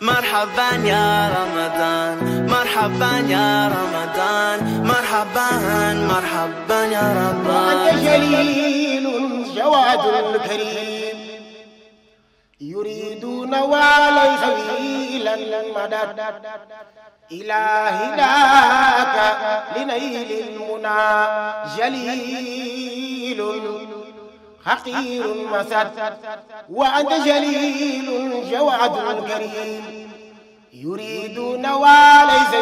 مرحبا يا رمضان مرحبا يا رمضان مرحبا مرحبا يا رمضان وأنت جليل جواد كريم يريدون وليس ويلا المدد إلهي ذاك لنيل المنى جليل حقير مسد وأنت جليل جواد كريم يريدون وليس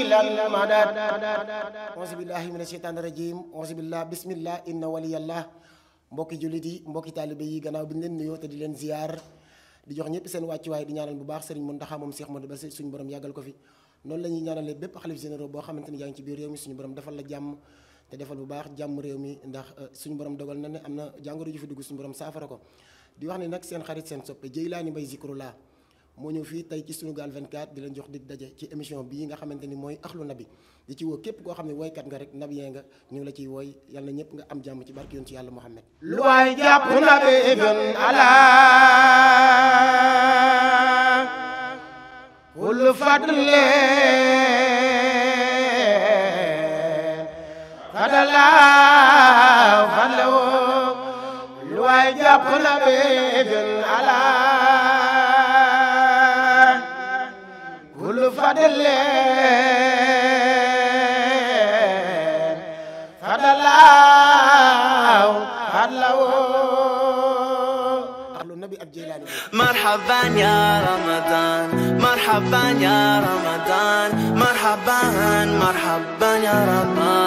إلا المدد أعوذ بالله من الشيطان الرجيم أعوذ بالله بسم الله إن ولي الله mbokki jullit yi mbokki taalibe yi gannaaw bi ñu leen nuyoo te di leen ziyaar di jox ñëpp seen wàccuwaay di ñaanal bu baax sëriñ Mountakha moom Cheikh Modou Bassirou suñu borom yàggal ko fi noonu la ñuy ñaanalee bépp xalif généraux boo xamante ni yaa ngi ci biir réew mi suñu borom defal la jàmm te defal bu baax jàmm réew mi ndax euh, suñu borom dogal na ne am na jàngoro ju fi dugg suñu borom saafara ko di wax ne nag seen xarit seen soppe Jeylaani Mbaye Zikroulah moo ñëw fii tey ci Sunugal 24 di leen jox di daje ci émission bii nga xamante ni mooy axlu nabi di ci woo képp koo xam ne woykat nga rek nabiyee nga ñu la ciy wooy yal na ñëpp nga am jàmm ci barki yoon ci yàlla Muhammad lu waay jàpp nabi ibn ala wul fadle fadalaaw fadlawoo lu waay na bee gën alaa kullu fadaleen fadalaaw fadlawoo ab jeylaani marhaban ya ramadan marhaban marhaban marhaban ya ramadan